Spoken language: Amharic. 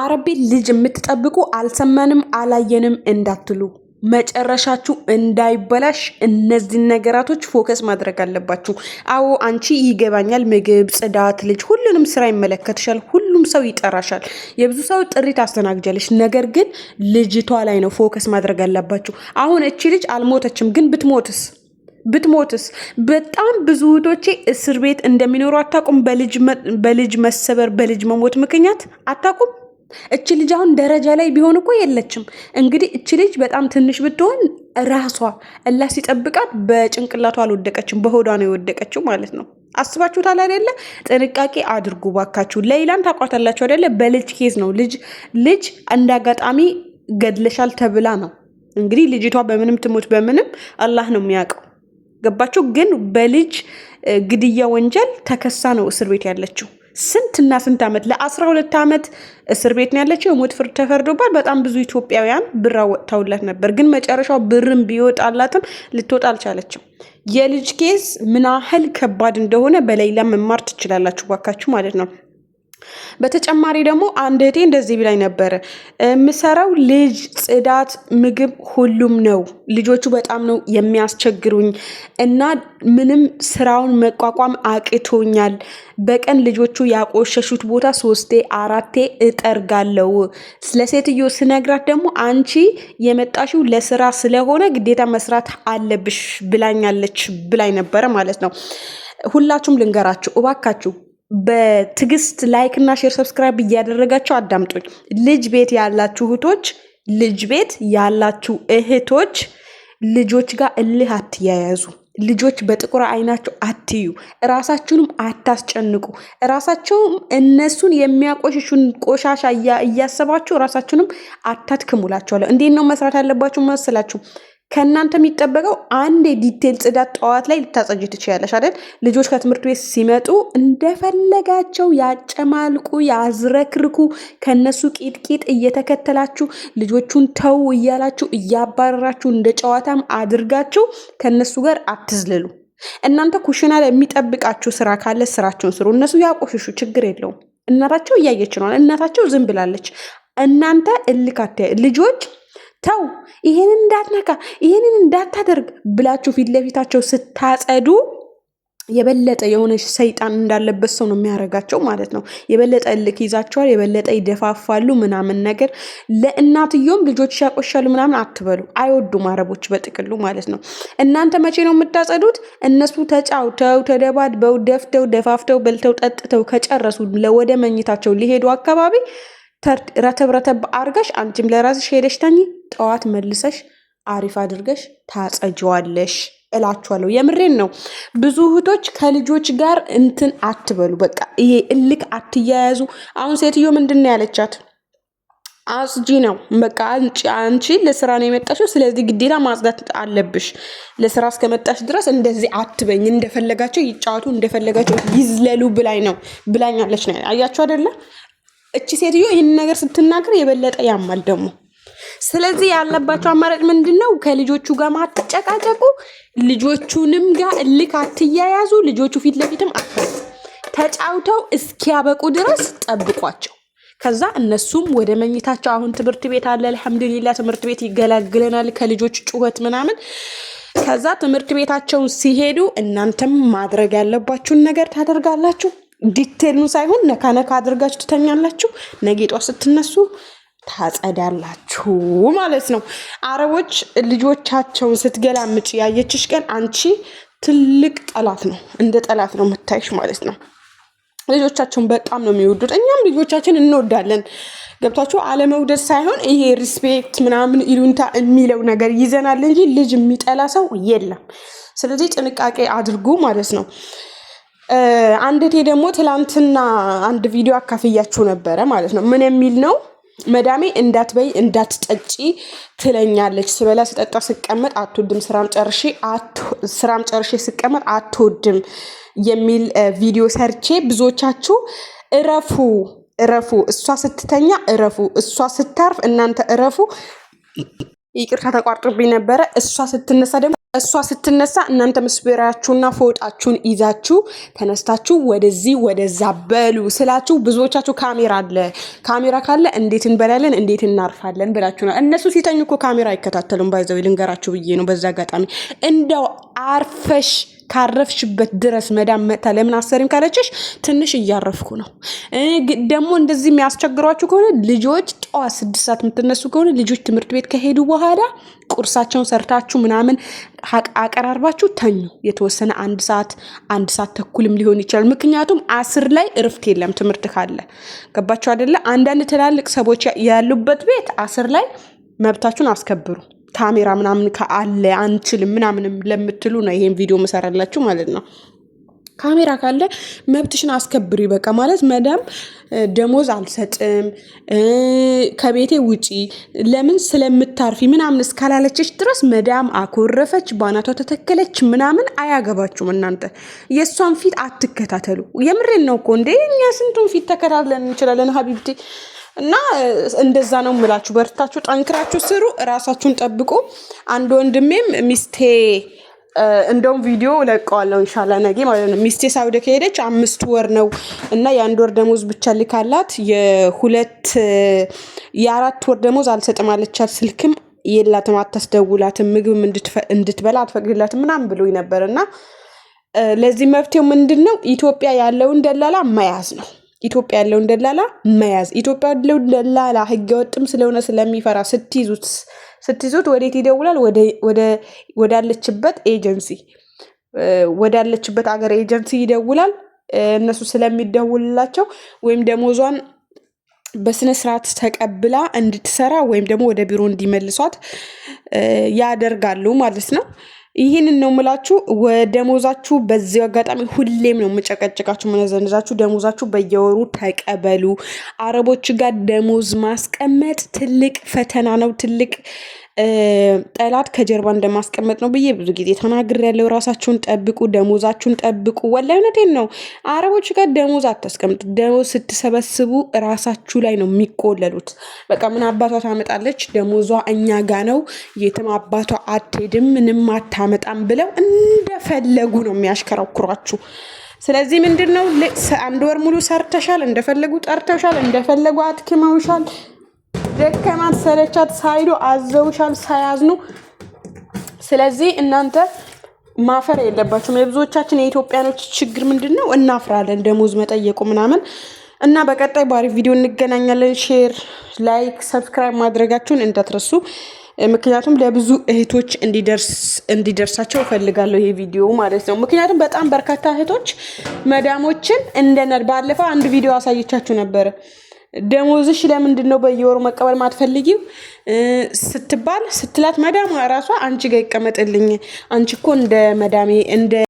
አረቤ ልጅ የምትጠብቁ አልሰማንም አላየንም እንዳትሉ መጨረሻችሁ እንዳይበላሽ እነዚህን ነገራቶች ፎከስ ማድረግ አለባችሁ። አዎ አንቺ ይገባኛል። ምግብ፣ ጽዳት፣ ልጅ ሁሉንም ስራ ይመለከትሻል። ሁሉም ሰው ይጠራሻል። የብዙ ሰው ጥሪ አስተናግጃለች ነገር ግን ልጅቷ ላይ ነው ፎከስ ማድረግ አለባችሁ። አሁን እቺ ልጅ አልሞተችም፣ ግን ብትሞትስ ብትሞትስ በጣም ብዙ እህቶቼ እስር ቤት እንደሚኖሩ አታቁም በልጅ መሰበር በልጅ መሞት ምክንያት አታቁም እች ልጅ አሁን ደረጃ ላይ ቢሆን እኮ የለችም። እንግዲህ እች ልጅ በጣም ትንሽ ብትሆን ራሷ እላ ሲጠብቃት በጭንቅላቷ አልወደቀችም፣ በሆዷ ነው የወደቀችው ማለት ነው። አስባችሁታል አይደለ? ጥንቃቄ አድርጉ ባካችሁ። ለይላን ታቋታላችሁ አይደለ? በልጅ ኬዝ ነው ልጅ ልጅ እንደ አጋጣሚ ገድለሻል ተብላ ነው እንግዲህ ልጅቷ በምንም ትሞት በምንም አላህ ነው የሚያውቀው። ገባችሁ? ግን በልጅ ግድያ ወንጀል ተከሳ ነው እስር ቤት ያለችው። ስንትና ስንት ዓመት ለአስራ ሁለት ዓመት እስር ቤት ነው ያለችው። የሞት ፍርድ ተፈርዶባት በጣም ብዙ ኢትዮጵያውያን ብር ወጥተውለት ነበር፣ ግን መጨረሻው ብርም ቢወጣላትም ልትወጣ አልቻለችም። የልጅ ኬዝ ምናህል ከባድ እንደሆነ በሌላ መማር ትችላላችሁ ባካችሁ ማለት ነው። በተጨማሪ ደግሞ አንድ እህቴ እንደዚህ ብላኝ ነበረ። የምሰራው ልጅ፣ ጽዳት፣ ምግብ ሁሉም ነው። ልጆቹ በጣም ነው የሚያስቸግሩኝ እና ምንም ስራውን መቋቋም አቅቶኛል። በቀን ልጆቹ ያቆሸሹት ቦታ ሶስቴ አራቴ እጠርጋለው። ለሴትዮ ስነግራት ደግሞ አንቺ የመጣሽው ለስራ ስለሆነ ግዴታ መስራት አለብሽ ብላኛለች ብላኝ ነበረ ማለት ነው። ሁላችሁም ልንገራችሁ እባካችሁ በትግስት ላይክ እና ሼር ሰብስክራይብ እያደረጋችሁ አዳምጡኝ። ልጅ ቤት ያላችሁ እህቶች ልጅ ቤት ያላችሁ እህቶች ልጆች ጋር እልህ አትያያዙ። ልጆች በጥቁር አይናቸው አትዩ። እራሳችሁንም አታስጨንቁ። እራሳቸውም እነሱን የሚያቆሽሹን ቆሻሻ እያሰባችሁ እራሳችሁንም አታትክሙላቸዋለሁ። እንዴት ነው መስራት ያለባችሁ መስላችሁ? ከእናንተ የሚጠበቀው አንድ የዲቴል ጽዳት ጠዋት ላይ ልታጸጅ ትችላለሽ አይደል? ልጆች ከትምህርት ቤት ሲመጡ እንደፈለጋቸው ያጨማልቁ፣ ያዝረክርኩ፣ ከነሱ ቂጥቂጥ እየተከተላችሁ ልጆቹን ተው እያላችሁ እያባረራችሁ እንደ ጨዋታም አድርጋችሁ ከነሱ ጋር አትዝልሉ። እናንተ ኩሽና የሚጠብቃችሁ ስራ ካለ ስራቸውን ስሩ። እነሱ ያቆሽሹ፣ ችግር የለውም። እናታቸው እያየች ነው። እናታቸው ዝም ብላለች። እናንተ እልካት ልጆች ተው ይሄንን እንዳትነካ ይሄንን እንዳታደርግ ብላችሁ ፊት ለፊታቸው ስታጸዱ የበለጠ የሆነ ሰይጣን እንዳለበት ሰው ነው የሚያደርጋቸው ማለት ነው። የበለጠ እልክ ይዛቸዋል፣ የበለጠ ይደፋፋሉ ምናምን ነገር። ለእናትዮም ልጆች ያቆሻሉ ምናምን አትበሉ። አይወዱም አረቦች በጥቅሉ ማለት ነው። እናንተ መቼ ነው የምታጸዱት? እነሱ ተጫውተው ተደባድበው ደፍተው ደፋፍተው በልተው ጠጥተው ከጨረሱ ለወደ መኝታቸው ሊሄዱ አካባቢ ረተብ ረተብ አድርገሽ አንቺም ለራስሽ ሄደሽ ተኝ፣ ጠዋት መልሰሽ አሪፍ አድርገሽ ታጸጅዋለሽ እላችኋለሁ። የምሬን ነው። ብዙ እህቶች ከልጆች ጋር እንትን አትበሉ፣ በቃ ይሄ እልክ አትያያዙ። አሁን ሴትዮ ምንድን ነው ያለቻት? አጽጂ ነው በቃ አንቺ ለስራ ነው የመጣሽው፣ ስለዚህ ግዴታ ማጽዳት አለብሽ። ለስራ እስከመጣሽ ድረስ እንደዚህ አትበኝ፣ እንደፈለጋቸው ይጫወቱ፣ እንደፈለጋቸው ይዝለሉ ብላኝ ነው ብላኛለች ነው። አያችሁ አይደለ? እቺ ሴትዮ ይህን ነገር ስትናገር የበለጠ ያማል ደግሞ። ስለዚህ ያለባቸው አማራጭ ምንድን ነው? ከልጆቹ ጋር ማትጨቃጨቁ፣ ልጆቹንም ጋር እልክ አትያያዙ። ልጆቹ ፊት ለፊትም አ ተጫውተው እስኪያበቁ ድረስ ጠብቋቸው። ከዛ እነሱም ወደ መኝታቸው። አሁን ትምህርት ቤት አለ፣ አልሐምዱሊላ ትምህርት ቤት ይገላግለናል ከልጆች ጩኸት ምናምን። ከዛ ትምህርት ቤታቸውን ሲሄዱ እናንተም ማድረግ ያለባችሁን ነገር ታደርጋላችሁ። ዲቴሉን ሳይሆን ነካ ነካ አድርጋችሁ ትተኛላችሁ። ነገ ጧት ስትነሱ ታጸዳላችሁ ማለት ነው። አረቦች ልጆቻቸውን ስትገላምጭ ያየችሽ ቀን አንቺ ትልቅ ጠላት ነው፣ እንደ ጠላት ነው የምታይሽ ማለት ነው። ልጆቻቸውን በጣም ነው የሚወዱት። እኛም ልጆቻችን እንወዳለን። ገብታችሁ አለመውደድ ሳይሆን ይሄ ሪስፔክት ምናምን ይሉንታ የሚለው ነገር ይዘናል እንጂ ልጅ የሚጠላ ሰው የለም። ስለዚህ ጥንቃቄ አድርጉ ማለት ነው። አንድቴ ደግሞ ትላንትና አንድ ቪዲዮ አካፍያችሁ ነበረ ማለት ነው። ምን የሚል ነው? መዳሜ እንዳትበይ እንዳትጠጪ ትለኛለች። ስበላ ስጠጣ ስቀመጥ አትወድም፣ ስራም ጨርሼ ስራም ጨርሼ ስቀመጥ አትወድም የሚል ቪዲዮ ሰርቼ ብዙዎቻችሁ እረፉ እረፉ፣ እሷ ስትተኛ እረፉ፣ እሷ ስታርፍ እናንተ እረፉ። ይቅርታ ተቋርጦብኝ ነበረ። እሷ ስትነሳ ደግሞ እሷ ስትነሳ እናንተ መስበሪያችሁና ፎጣችሁን ይዛችሁ ተነስታችሁ ወደዚህ ወደዛ በሉ ስላችሁ ብዙዎቻችሁ ካሜራ አለ፣ ካሜራ ካለ እንዴት እንበላለን እንዴት እናርፋለን ብላችሁ ነው። እነሱ ሲተኙ እኮ ካሜራ አይከታተሉም። ባይዘው ልንገራችሁ ብዬ ነው በዛ አጋጣሚ እንደው አርፈሽ ካረፍሽበት ድረስ መዳም መጥታ ለምን አሰሪም ካለችሽ ትንሽ እያረፍኩ ነው። ደግሞ እንደዚህ የሚያስቸግሯችሁ ከሆነ ልጆች ጠዋት ስድስት ሰዓት የምትነሱ ከሆነ ልጆች ትምህርት ቤት ከሄዱ በኋላ ቁርሳቸውን ሰርታችሁ ምናምን አቀራርባችሁ ተኙ። የተወሰነ አንድ ሰዓት አንድ ሰዓት ተኩልም ሊሆን ይችላል። ምክንያቱም አስር ላይ እርፍት የለም ትምህርት ካለ ገባችሁ አደለ? አንዳንድ ትላልቅ ሰዎች ያሉበት ቤት አስር ላይ መብታችሁን አስከብሩ። ካሜራ ምናምን ከአለ አንችልም ምናምንም ለምትሉ ነው ይሄን ቪዲዮ መሰራላችሁ ማለት ነው። ካሜራ ካለ መብትሽን አስከብሪ። በቃ ማለት መዳም ደሞዝ አልሰጥም ከቤቴ ውጪ ለምን ስለምታርፊ ምናምን እስካላለችሽ ድረስ መዳም አኮረፈች፣ ባናቷ ተተከለች ምናምን አያገባችሁም። እናንተ የእሷን ፊት አትከታተሉ። የምሬን ነው እኮ እንዴ! እኛ ስንቱን ፊት ተከታትለን እንችላለን ሀቢብቴ እና እንደዛ ነው የምላችሁ። በርታችሁ ጠንክራችሁ ስሩ፣ እራሳችሁን ጠብቁ። አንድ ወንድሜም ሚስቴ እንደውም ቪዲዮ ለቀዋለሁ ኢንሻላ ነጌ ማለት ነው። ሚስቴ ሳውዲ ከሄደች አምስት ወር ነው እና የአንድ ወር ደሞዝ ብቻ ልካላት የሁለት የአራት ወር ደሞዝ አልሰጥም አለቻት። ስልክም የላትም፣ አታስደውላትም፣ ምግብም እንድትበላ አትፈቅድላትም ምናምን ብሎኝ ነበር እና ለዚህ መፍትሄው ምንድን ነው? ኢትዮጵያ ያለውን ደላላ መያዝ ነው። ኢትዮጵያ ያለውን ደላላ መያዝ ኢትዮጵያ ያለው ደላላ ህገወጥም ስለሆነ ስለሚፈራ ስትይዙት ስትይዙት ወዴት ይደውላል? ወዳለችበት ኤጀንሲ ወዳለችበት አገር ኤጀንሲ ይደውላል። እነሱ ስለሚደውልላቸው ወይም ደሞዟን በስነ ስርዓት ተቀብላ እንድትሰራ ወይም ደግሞ ወደ ቢሮ እንዲመልሷት ያደርጋሉ ማለት ነው። ይህንን ነው የምላችሁ። ደሞዛችሁ በዚያው አጋጣሚ ሁሌም ነው የምጨቀጭቃችሁ፣ መነዘነዛችሁ። ደሞዛችሁ በየወሩ ተቀበሉ። አረቦች ጋር ደሞዝ ማስቀመጥ ትልቅ ፈተና ነው፣ ትልቅ ጠላት ከጀርባ እንደማስቀመጥ ነው ብዬ ብዙ ጊዜ ያለው ራሳችሁን ጠብቁ፣ ደሞዛችሁን ጠብቁ። ወላሂ እውነቴን ነው። አረቦች ጋር ደሞዝ አታስቀምጡ። ደሞዝ ስትሰበስቡ ራሳችሁ ላይ ነው የሚቆለሉት። በቃ ምን አባቷ ታመጣለች፣ ደሞዟ እኛ ጋ ነው፣ የትም አባቷ አትሄድም፣ ምንም አታመጣም ብለው እንደፈለጉ ነው የሚያሽከረኩሯችሁ። ስለዚህ ምንድን ነው አንድ ወር ሙሉ ሰርተሻል፣ እንደፈለጉ ጠርተውሻል፣ እንደፈለጉ አትክመውሻል። ደከማት ሰለቻት ሳይሉ አዘውሻል ሳያዝኑ። ስለዚህ እናንተ ማፈር የለባችሁም። የብዙዎቻችን የኢትዮጵያኖች ችግር ምንድን ነው? እናፍራለን ደሞዝ መጠየቁ ምናምን እና በቀጣይ በአሪፍ ቪዲዮ እንገናኛለን። ሼር፣ ላይክ፣ ሰብስክራይብ ማድረጋችሁን እንዳትረሱ። ምክንያቱም ለብዙ እህቶች እንዲደርሳቸው እፈልጋለሁ ይሄ ቪዲዮ ማለት ነው። ምክንያቱም በጣም በርካታ እህቶች መዳሞችን እንደነር ባለፈው አንድ ቪዲዮ አሳየቻችሁ ነበረ ደሞዝሽ ለምንድን ነው በየወሩ መቀበል ማትፈልጊው? ስትባል ስትላት መዳሟ ራሷ አንቺ ጋር ይቀመጥልኝ አንቺ እኮ እንደ መዳሜ እንደ